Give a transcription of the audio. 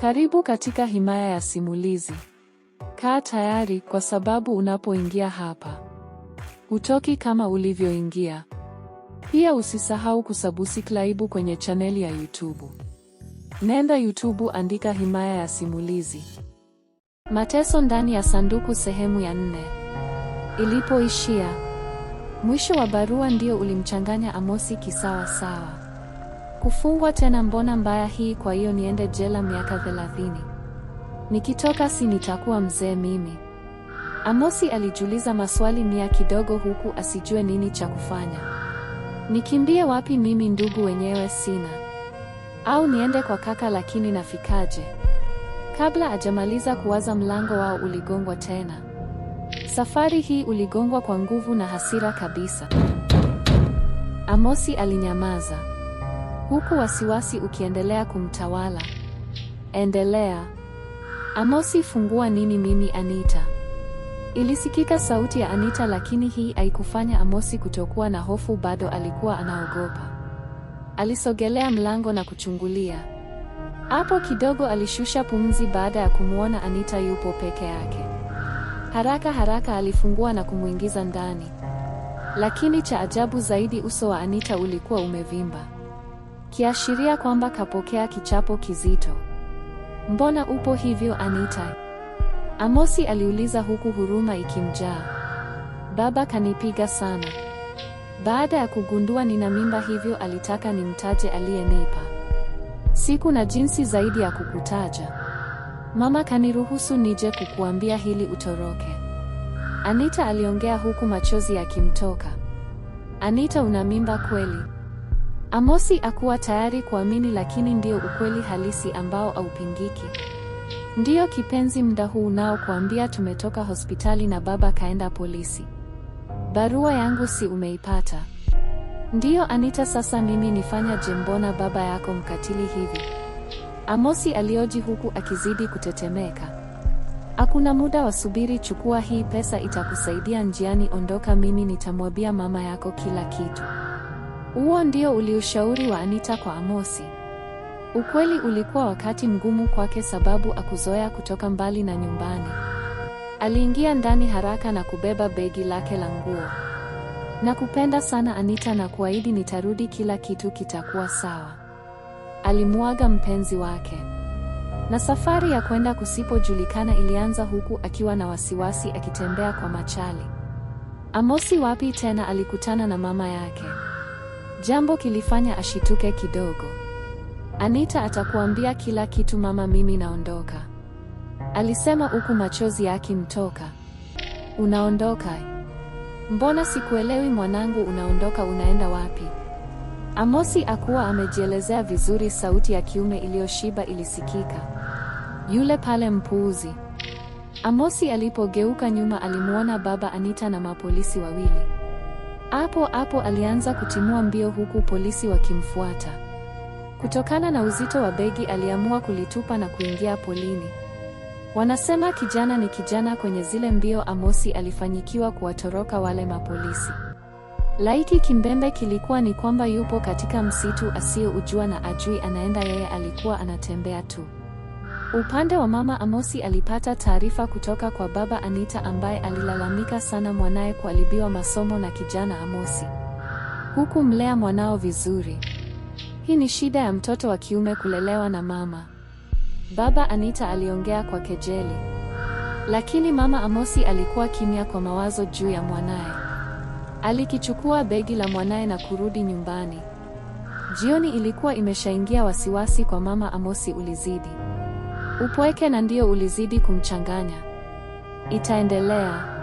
Karibu katika himaya ya simulizi. Kaa tayari kwa sababu unapoingia hapa hutoki kama ulivyoingia. Pia usisahau kusabusiklaibu kwenye chaneli ya YouTube. Nenda YouTube, andika himaya ya simulizi. Mateso ndani ya sanduku sehemu ya nne. Ilipoishia. Mwisho wa barua ndio ulimchanganya Amosi kisawa sawa. Kufungwa tena mbona mbaya hii? Kwa hiyo niende jela miaka thelathini? Nikitoka si nitakuwa mzee mimi? Amosi alijiuliza maswali mia kidogo huku asijue nini cha kufanya. Nikimbie wapi mimi, ndugu wenyewe sina, au niende kwa kaka, lakini nafikaje? Kabla ajamaliza kuwaza, mlango wao uligongwa tena. Safari hii uligongwa kwa nguvu na hasira kabisa. Amosi alinyamaza huku wasiwasi ukiendelea kumtawala. Endelea. Amosi, fungua nini mimi Anita? Ilisikika sauti ya Anita, lakini hii haikufanya Amosi kutokuwa na hofu. Bado alikuwa anaogopa. Alisogelea mlango na kuchungulia. Hapo kidogo alishusha pumzi baada ya kumwona Anita yupo peke yake. Haraka haraka alifungua na kumwingiza ndani. Lakini cha ajabu zaidi, uso wa Anita ulikuwa umevimba kiashiria kwamba kapokea kichapo kizito. Mbona upo hivyo Anita? Amosi aliuliza huku huruma ikimjaa. Baba kanipiga sana. Baada ya kugundua nina mimba hivyo alitaka nimtaje aliyenipa. Siku na jinsi zaidi ya kukutaja. Mama kaniruhusu nije kukuambia hili utoroke. Anita aliongea huku machozi yakimtoka. Anita una mimba kweli? Amosi akuwa tayari kuamini, lakini ndio ukweli halisi ambao haupingiki. Ndiyo kipenzi, mda huu nao kuambia tumetoka hospitali na baba kaenda polisi. Barua yangu si umeipata? Ndiyo Anita, sasa mimi nifanya jembona baba yako mkatili hivi? Amosi alioji huku akizidi kutetemeka. Hakuna muda wa subiri, chukua hii pesa, itakusaidia njiani, ondoka. Mimi nitamwambia mama yako kila kitu. Huo ndio uliushauri wa Anita kwa Amosi. Ukweli ulikuwa wakati mgumu kwake sababu akuzoea kutoka mbali na nyumbani. Aliingia ndani haraka na kubeba begi lake la nguo. Nakupenda sana Anita na kuahidi nitarudi kila kitu kitakuwa sawa. alimwaga mpenzi wake. Na safari ya kwenda kusipojulikana ilianza huku akiwa na wasiwasi akitembea kwa machali. Amosi wapi tena alikutana na mama yake. Jambo kilifanya ashituke kidogo. Anita atakuambia kila kitu mama, mimi naondoka, alisema huku machozi yakimtoka. Unaondoka? Mbona sikuelewi mwanangu, unaondoka unaenda wapi? Amosi akuwa amejielezea vizuri, sauti ya kiume iliyoshiba ilisikika. Yule pale mpuuzi. Amosi alipogeuka nyuma alimwona baba Anita na mapolisi wawili. Hapo hapo alianza kutimua mbio huku polisi wakimfuata. Kutokana na uzito wa begi aliamua kulitupa na kuingia polini. Wanasema kijana ni kijana kwenye zile mbio Amosi alifanyikiwa kuwatoroka wale mapolisi. laiki kimbembe kilikuwa ni kwamba yupo katika msitu asiyeujua na ajui anaenda yeye alikuwa anatembea tu. Upande wa mama Amosi alipata taarifa kutoka kwa baba Anita ambaye alilalamika sana mwanaye kualibiwa masomo na kijana Amosi. Huku mlea mwanao vizuri. Hii ni shida ya mtoto wa kiume kulelewa na mama. Baba Anita aliongea kwa kejeli. Lakini mama Amosi alikuwa kimya kwa mawazo juu ya mwanaye. Alikichukua begi la mwanaye na kurudi nyumbani. Jioni ilikuwa imeshaingia wasiwasi kwa mama Amosi ulizidi. Upweke na ndio ulizidi kumchanganya. Itaendelea.